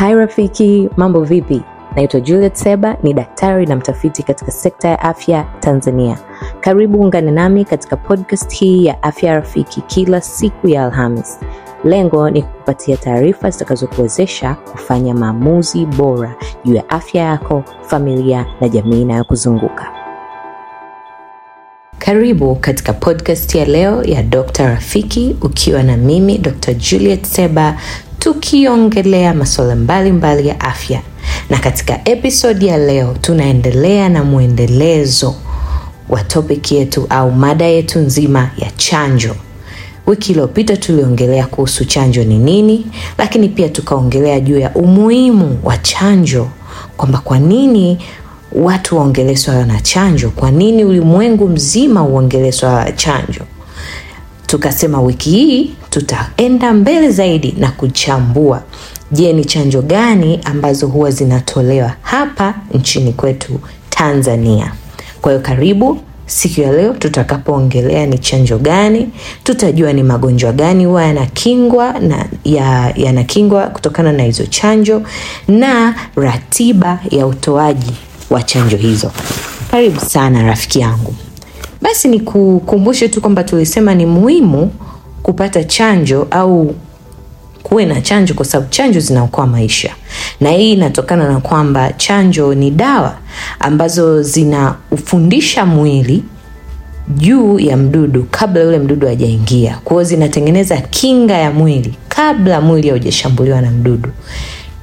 Hai rafiki, mambo vipi? Naitwa Juliet Seba, ni daktari na mtafiti katika sekta ya afya Tanzania. Karibu ungane nami katika podcast hii ya Afya Rafiki kila siku ya Alhamis. Lengo ni kukupatia taarifa zitakazokuwezesha kufanya maamuzi bora juu ya afya yako, familia na jamii inayokuzunguka. Karibu katika podcast ya leo ya Dr. Rafiki ukiwa na mimi Dr. Juliet Seba tukiongelea masuala mbalimbali ya afya, na katika episodi ya leo tunaendelea na mwendelezo wa topic yetu au mada yetu nzima ya chanjo. Wiki iliyopita tuliongelea kuhusu chanjo ni nini, lakini pia tukaongelea juu ya umuhimu wa chanjo, kwamba kwa nini watu waongelee swala na chanjo, kwa nini ulimwengu mzima uongelee swala la chanjo. Tukasema wiki hii tutaenda mbele zaidi na kuchambua, je, ni chanjo gani ambazo huwa zinatolewa hapa nchini kwetu Tanzania? Kwa hiyo karibu siku ya leo tutakapoongelea ni chanjo gani, tutajua ni magonjwa gani huwa yanakingwa na yanakingwa kutokana na hizo chanjo na ratiba ya utoaji wa chanjo hizo. Karibu sana rafiki yangu. Basi nikukumbushe tu kwamba tulisema ni muhimu kupata chanjo au kuwe na chanjo kwa sababu chanjo zinaokoa maisha, na hii inatokana na kwamba chanjo ni dawa ambazo zinaufundisha mwili juu ya mdudu kabla yule mdudu hajaingia. Kwa hiyo zinatengeneza kinga ya mwili kabla mwili haujashambuliwa na mdudu,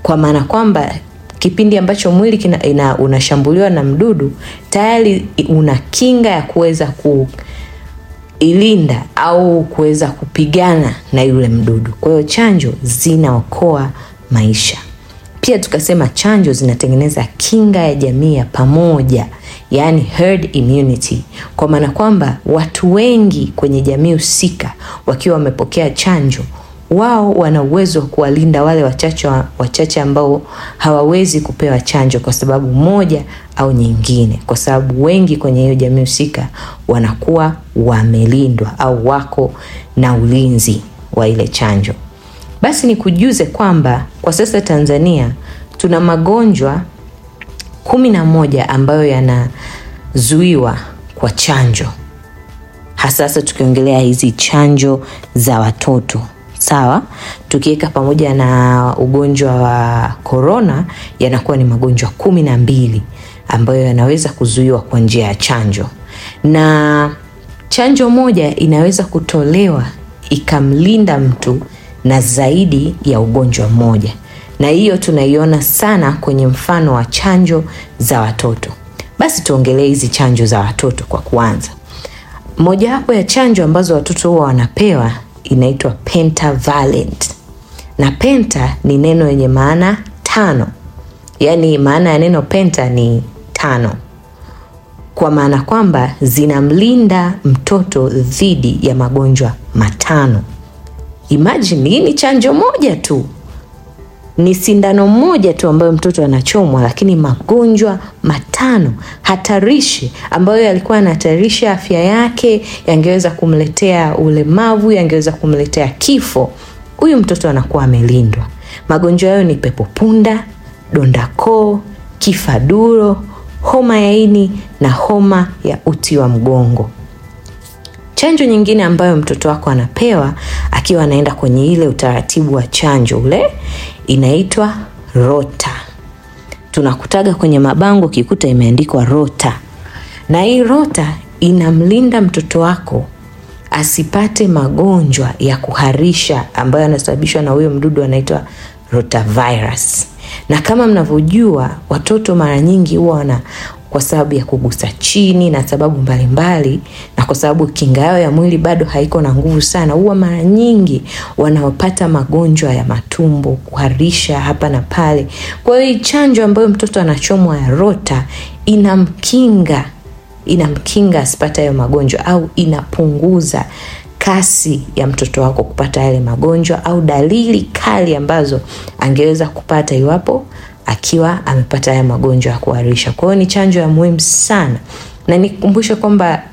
kwa maana kwamba kipindi ambacho mwili kina, ina, unashambuliwa na mdudu tayari una kinga ya kuweza kuilinda au kuweza kupigana na yule mdudu. Kwa hiyo chanjo zinaokoa maisha. Pia tukasema chanjo zinatengeneza kinga ya jamii ya pamoja, yaani herd immunity, kwa maana kwamba watu wengi kwenye jamii husika wakiwa wamepokea chanjo wao wana uwezo wa kuwalinda wale wachache wachache ambao hawawezi kupewa chanjo kwa sababu moja au nyingine, kwa sababu wengi kwenye hiyo jamii husika wanakuwa wamelindwa au wako na ulinzi wa ile chanjo. Basi nikujuze kwamba kwa sasa Tanzania tuna magonjwa kumi na moja ambayo yanazuiwa kwa chanjo, hasa sasa tukiongelea hizi chanjo za watoto sawa, tukiweka pamoja na ugonjwa wa korona, yanakuwa ni magonjwa kumi na mbili ambayo yanaweza kuzuiwa kwa njia ya chanjo, na chanjo moja inaweza kutolewa ikamlinda mtu na zaidi ya ugonjwa mmoja, na hiyo tunaiona sana kwenye mfano wa chanjo za watoto. Basi tuongelee hizi chanjo za watoto kwa kuanza. Mojawapo ya chanjo ambazo watoto huwa wanapewa inaitwa pentavalent, na penta ni neno yenye maana tano, yaani maana ya neno penta ni tano, kwa maana kwamba zinamlinda mtoto dhidi ya magonjwa matano. imajini hii ni chanjo moja tu ni sindano moja tu ambayo mtoto anachomwa, lakini magonjwa matano hatarishi ambayo yalikuwa yanahatarisha afya yake, yangeweza kumletea ulemavu, yangeweza kumletea kifo. Huyu mtoto anakuwa amelindwa. Magonjwa hayo ni pepo punda donda koo, kifaduro, homa ya ini na homa ya uti wa mgongo. Chanjo nyingine ambayo mtoto wako anapewa akiwa anaenda kwenye ile utaratibu wa chanjo ule inaitwa rota. Tunakutaga kwenye mabango kikuta imeandikwa rota, na hii rota inamlinda mtoto wako asipate magonjwa ya kuharisha ambayo yanasababishwa na huyo mdudu anaitwa rotavirus. Na kama mnavyojua, watoto mara nyingi huwa kwa sababu ya kugusa chini na sababu mbalimbali mbali, na kwa sababu kinga yao ya mwili bado haiko na nguvu sana, huwa mara nyingi wanaopata magonjwa ya matumbo, kuharisha hapa na pale. Kwa hiyo chanjo ambayo mtoto anachomwa ya rota inamkinga, inamkinga asipata hayo magonjwa au inapunguza kasi ya mtoto wako kupata yale magonjwa au dalili kali ambazo angeweza kupata iwapo akiwa amepata haya magonjwa ya kuharisha. Kwa hiyo ni chanjo ya muhimu sana, na nikumbushe kwamba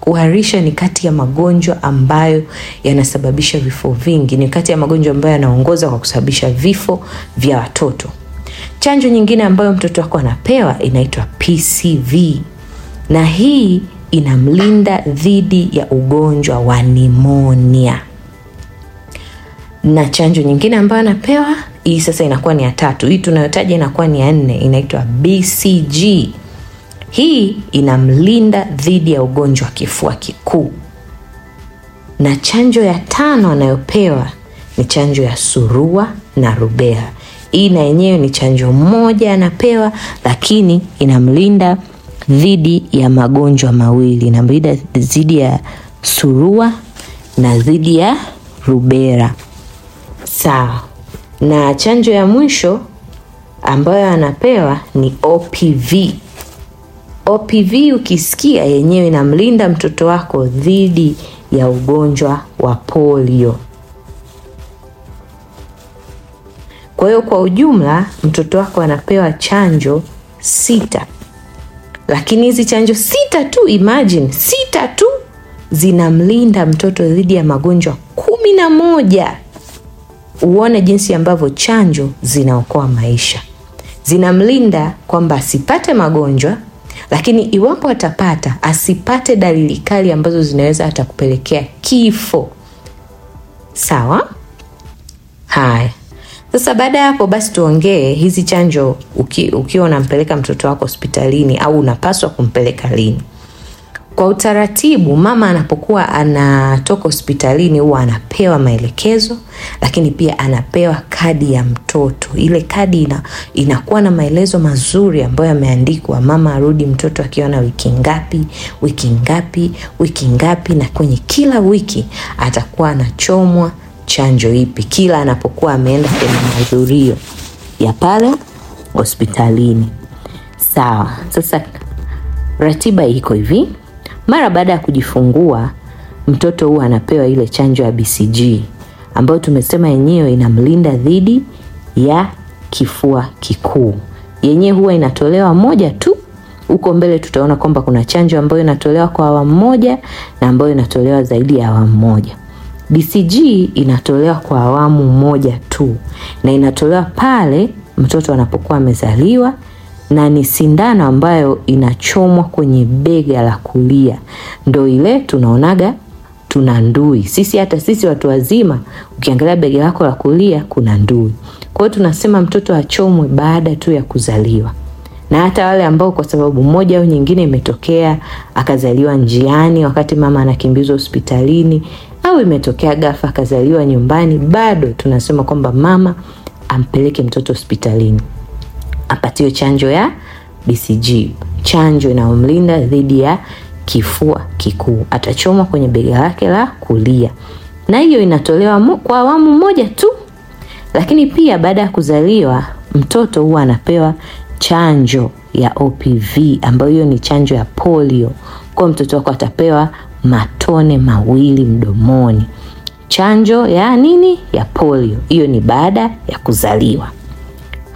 kuharisha ni kati ya magonjwa ambayo yanasababisha vifo vingi, ni kati ya magonjwa ambayo yanaongoza kwa kusababisha vifo vya watoto. Chanjo nyingine ambayo mtoto wako anapewa inaitwa PCV, na hii inamlinda dhidi ya ugonjwa wa nimonia na chanjo nyingine ambayo anapewa hii sasa inakuwa ni ya tatu, hii tunayotaja inakuwa ni ya nne, inaitwa BCG. Hii inamlinda dhidi ya ugonjwa wa kifua kikuu, na chanjo ya tano anayopewa ni chanjo ya surua na rubea. Hii na yenyewe ni chanjo moja anapewa, lakini inamlinda dhidi ya magonjwa mawili, inamlinda dhidi ya surua na dhidi ya rubera. Sawa. Na chanjo ya mwisho ambayo anapewa ni OPV. OPV ukisikia yenyewe inamlinda mtoto wako dhidi ya ugonjwa wa polio. Kwa hiyo kwa ujumla mtoto wako anapewa chanjo sita, lakini hizi chanjo sita tu, imagine sita tu zinamlinda mtoto dhidi ya magonjwa kumi na moja uone jinsi ambavyo chanjo zinaokoa maisha, zinamlinda kwamba asipate magonjwa, lakini iwapo atapata asipate dalili kali ambazo zinaweza hata kupelekea kifo. Sawa. Haya, sasa baada ya hapo basi tuongee hizi chanjo ukiwa uki unampeleka mtoto wako hospitalini au unapaswa kumpeleka lini. Kwa utaratibu, mama anapokuwa anatoka hospitalini huwa anapewa maelekezo, lakini pia anapewa kadi ya mtoto. Ile kadi ina, inakuwa na maelezo mazuri ambayo yameandikwa, mama arudi mtoto akiwa na wiki ngapi, wiki ngapi, wiki ngapi, na kwenye kila wiki atakuwa anachomwa chanjo ipi kila anapokuwa ameenda kwenye mahudhurio ya pale hospitalini. Sawa, sasa ratiba iko hivi. Mara baada ya kujifungua, mtoto huwa anapewa ile chanjo ya BCG ambayo tumesema yenyewe inamlinda dhidi ya kifua kikuu. Yenyewe huwa inatolewa moja tu. Huko mbele tutaona kwamba kuna chanjo ambayo inatolewa kwa awamu moja na ambayo inatolewa zaidi ya awamu moja. BCG inatolewa kwa awamu moja tu na inatolewa pale mtoto anapokuwa amezaliwa na ni sindano ambayo inachomwa kwenye bega la kulia, ndo ile tunaonaga tuna ndui sisi. Hata sisi watu wazima, ukiangalia bega lako la kulia kuna ndui. Kwa hiyo tunasema mtoto achomwe baada tu ya kuzaliwa, na hata wale ambao kwa sababu moja au nyingine imetokea akazaliwa njiani, wakati mama anakimbizwa hospitalini, au imetokea gafa akazaliwa nyumbani, bado tunasema kwamba mama ampeleke mtoto hospitalini apatiwe chanjo ya BCG, chanjo inayomlinda dhidi ya kifua kikuu. Atachomwa kwenye bega lake la kulia, na hiyo inatolewa mu, kwa awamu moja tu. Lakini pia baada ya kuzaliwa mtoto huwa anapewa chanjo ya OPV ambayo hiyo ni chanjo ya polio. Kwa mtoto wako atapewa matone mawili mdomoni, chanjo ya nini? Ya polio. Hiyo ni baada ya kuzaliwa.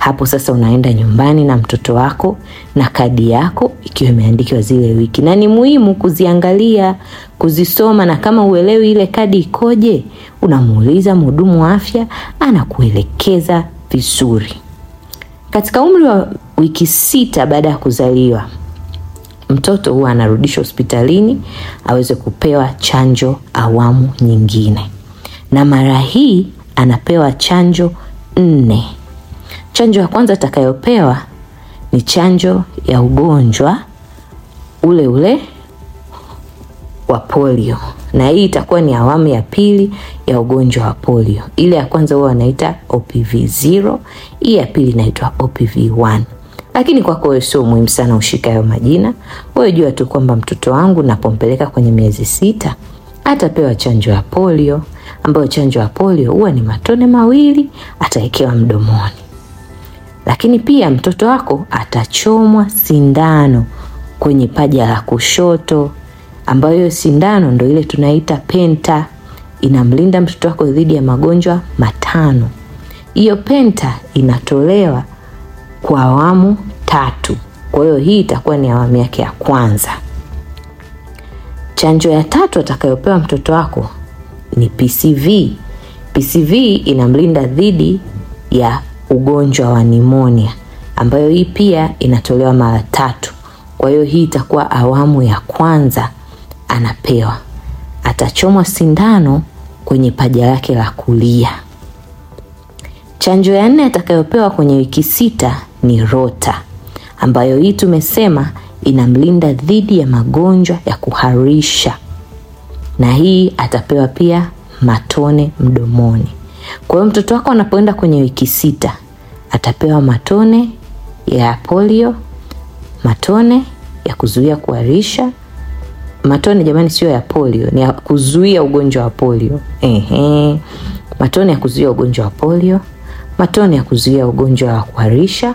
Hapo sasa unaenda nyumbani na mtoto wako na kadi yako ikiwa imeandikiwa zile wiki, na ni muhimu kuziangalia, kuzisoma, na kama uelewi ile kadi ikoje, unamuuliza mhudumu wa afya, anakuelekeza vizuri. Katika umri wa wiki sita baada ya kuzaliwa, mtoto huwa anarudishwa hospitalini aweze kupewa chanjo awamu nyingine, na mara hii anapewa chanjo nne. Chanjo ya kwanza atakayopewa ni chanjo ya ugonjwa ule ule wa polio, na hii itakuwa ni awamu ya pili ya ugonjwa wa polio. Ile ya kwanza huwa wanaita OPV 0, hii ya pili inaitwa OPV 1. Lakini kwako wewe sio muhimu sana ushika hayo majina, wewe jua tu kwamba mtoto wangu napompeleka kwenye miezi sita atapewa chanjo ya polio, ambayo chanjo ya polio huwa ni matone mawili atawekewa mdomoni lakini pia mtoto wako atachomwa sindano kwenye paja la kushoto, ambayo hiyo sindano ndo ile tunaita penta. Inamlinda mtoto wako dhidi ya magonjwa matano. Hiyo penta inatolewa kwa awamu tatu, kwa hiyo hii itakuwa ni awamu yake ya kwanza. Chanjo ya tatu atakayopewa mtoto wako ni PCV. PCV inamlinda dhidi ya ugonjwa wa nimonia, ambayo hii pia inatolewa mara tatu. Kwa hiyo hii itakuwa awamu ya kwanza anapewa, atachomwa sindano kwenye paja lake la kulia. Chanjo ya nne atakayopewa kwenye wiki sita ni rota, ambayo hii tumesema inamlinda dhidi ya magonjwa ya kuharisha, na hii atapewa pia matone mdomoni. Kwa hiyo mtoto wako anapoenda kwenye wiki sita, atapewa matone ya polio, matone ya kuzuia kuharisha. Matone jamani, sio ya polio, ni ya kuzuia ugonjwa wa polio. Ehe, matone ya kuzuia ugonjwa wa polio, matone ya kuzuia ugonjwa wa kuharisha.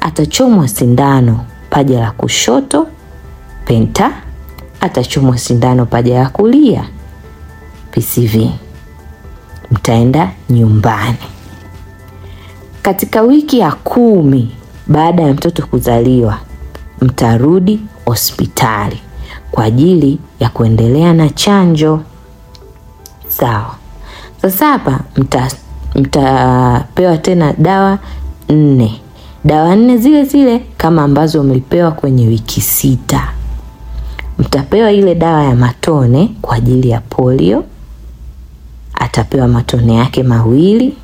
Atachomwa sindano paja la kushoto penta, atachomwa sindano paja ya kulia PCV. Mtaenda nyumbani. Katika wiki ya kumi baada ya mtoto kuzaliwa, mtarudi hospitali kwa ajili ya kuendelea na chanjo. Sawa. Sasa hapa mta mtapewa tena dawa nne, dawa nne zile zile kama ambazo mlipewa kwenye wiki sita. Mtapewa ile dawa ya matone kwa ajili ya polio, atapewa matone yake mawili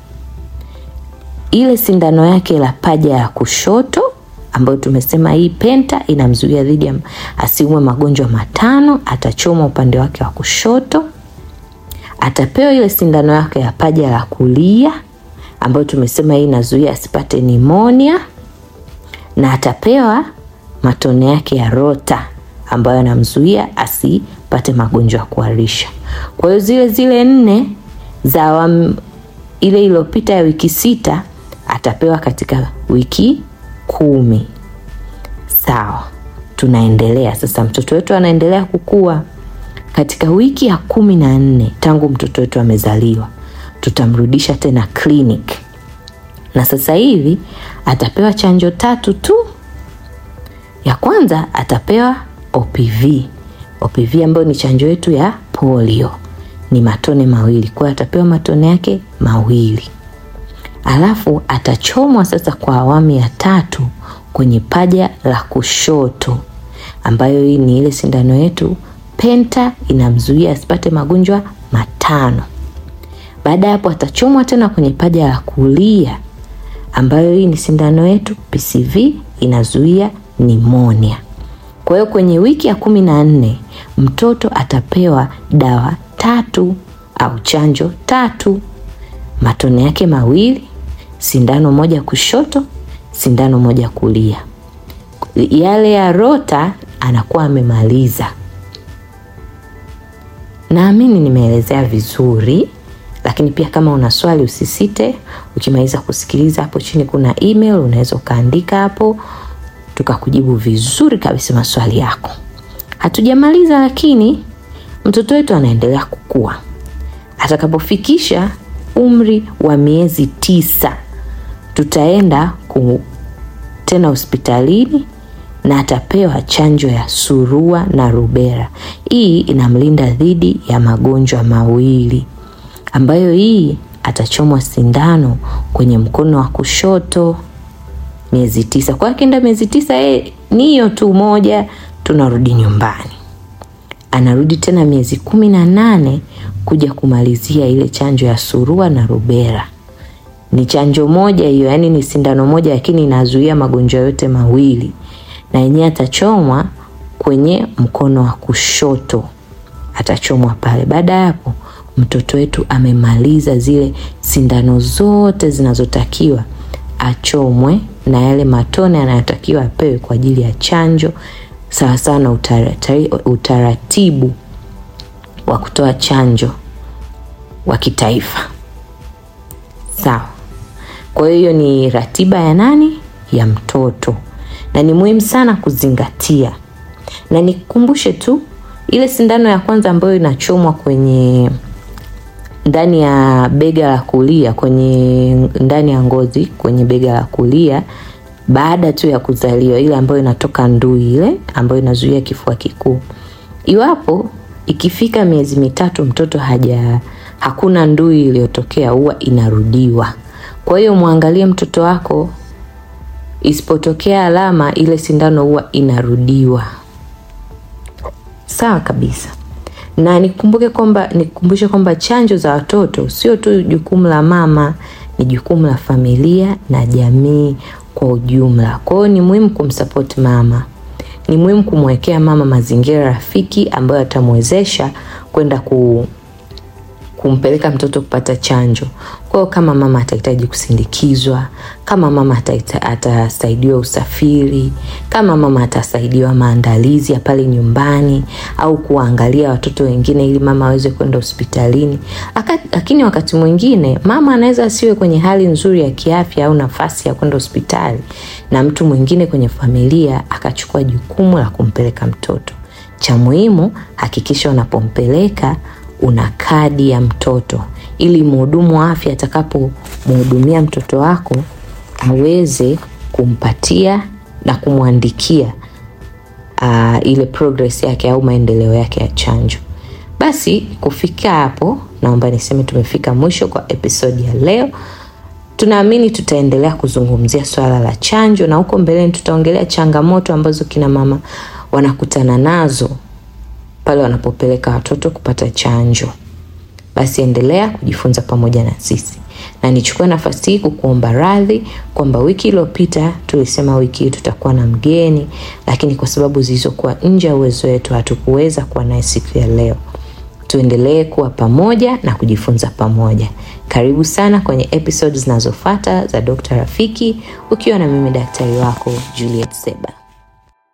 ile sindano yake la paja ya kushoto ambayo tumesema hii penta inamzuia dhidi ya asiumwe magonjwa matano, atachoma upande wake wa kushoto, atapewa ile sindano yake ya paja la kulia ambayo tumesema hii inazuia asipate nimonia, na atapewa matone yake ya rota ambayo anamzuia asipate magonjwa ya kuharisha. Kwa hiyo zile zile nne za ile iliyopita ya wiki sita atapewa katika wiki kumi. Sawa, tunaendelea sasa. Mtoto wetu anaendelea kukua. Katika wiki ya kumi na nne tangu mtoto wetu amezaliwa, tutamrudisha tena kliniki, na sasa hivi atapewa chanjo tatu tu. Ya kwanza atapewa OPV, OPV ambayo ni chanjo yetu ya polio, ni matone mawili. kwayo atapewa matone yake mawili alafu atachomwa sasa kwa awamu ya tatu kwenye paja la kushoto, ambayo hii ni ile sindano yetu penta, inamzuia asipate magonjwa matano. Baada ya hapo atachomwa tena kwenye paja la kulia, ambayo hii ni sindano yetu PCV, inazuia nimonia. Kwa hiyo kwenye wiki ya kumi na nne mtoto atapewa dawa tatu au chanjo tatu, matone yake mawili sindano moja kushoto, sindano moja kulia. Yale ya rota anakuwa amemaliza. Naamini nimeelezea vizuri, lakini pia kama una swali usisite. Ukimaliza kusikiliza, hapo chini kuna email, unaweza ukaandika hapo tukakujibu vizuri kabisa maswali yako. Hatujamaliza, lakini mtoto wetu anaendelea kukua. Atakapofikisha umri wa miezi tisa tutaenda ku, tena hospitalini na atapewa chanjo ya surua na rubera. Hii inamlinda dhidi ya magonjwa mawili ambayo hii atachomwa sindano kwenye mkono wa kushoto miezi tisa. Kwa akienda miezi tisa, e, eh, niyo tu moja, tunarudi nyumbani. Anarudi tena miezi kumi na nane kuja kumalizia ile chanjo ya surua na rubera. Ni chanjo moja hiyo, yani ni sindano moja, lakini inazuia magonjwa yote mawili, na yenyewe atachomwa kwenye mkono wa kushoto, atachomwa pale. Baada ya hapo, mtoto wetu amemaliza zile sindano zote zinazotakiwa achomwe na yale matone anayotakiwa apewe kwa ajili ya chanjo, sawa sawa na utaratibu wa kutoa chanjo wa kitaifa. Sawa. Kwa hiyo ni ratiba ya nani? Ya mtoto, na ni muhimu sana kuzingatia. Na nikukumbushe tu ile sindano ya kwanza ambayo inachomwa kwenye ndani ya bega la kulia kwenye ndani ya ngozi kwenye bega la kulia baada tu ya kuzaliwa, ile ambayo inatoka ndui, ile ambayo inazuia kifua kikuu. Iwapo ikifika miezi mitatu mtoto haja hakuna ndui iliyotokea, huwa inarudiwa. Kwa hiyo mwangalie mtoto wako, isipotokea alama ile sindano huwa inarudiwa. Sawa kabisa. Na nikumbuke kwamba nikumbushe kwamba chanjo za watoto sio tu jukumu la mama, ni jukumu la familia na jamii kwa ujumla. Kwa hiyo ni muhimu kumsupport mama, ni muhimu kumwekea mama mazingira rafiki ambayo atamwezesha kwenda ku kumpeleka mtoto kupata chanjo. Kwa kama mama atahitaji kusindikizwa, kama mama atasaidiwa usafiri, kama mama atasaidiwa maandalizi ya pale nyumbani au kuwaangalia watoto wengine ili mama aweze kwenda hospitalini. Lakini wakati mwingine mama anaweza asiwe kwenye hali nzuri ya kiafya au nafasi ya kwenda hospitali, na mtu mwingine kwenye familia akachukua jukumu la kumpeleka mtoto. Cha muhimu, hakikisha unapompeleka una kadi ya mtoto, ili mhudumu wa afya atakapomhudumia mtoto wako aweze kumpatia na kumwandikia uh, ile progress yake au maendeleo yake ya chanjo. Basi kufika hapo, naomba niseme tumefika mwisho kwa episodi ya leo. Tunaamini tutaendelea kuzungumzia swala la chanjo, na huko mbeleni tutaongelea changamoto ambazo kina mama wanakutana nazo pale wanapopeleka watoto kupata chanjo. Basi endelea kujifunza pamoja na sisi, na nichukue nafasi hii kukuomba radhi kwamba wiki iliyopita tulisema wiki hii tutakuwa na mgeni, lakini kwa sababu zilizokuwa nje ya uwezo wetu hatukuweza kuwa naye siku ya leo. Tuendelee kuwa pamoja na kujifunza pamoja. Karibu sana kwenye episode zinazofata za Dokta Rafiki, ukiwa na mimi daktari wako Juliet Seba.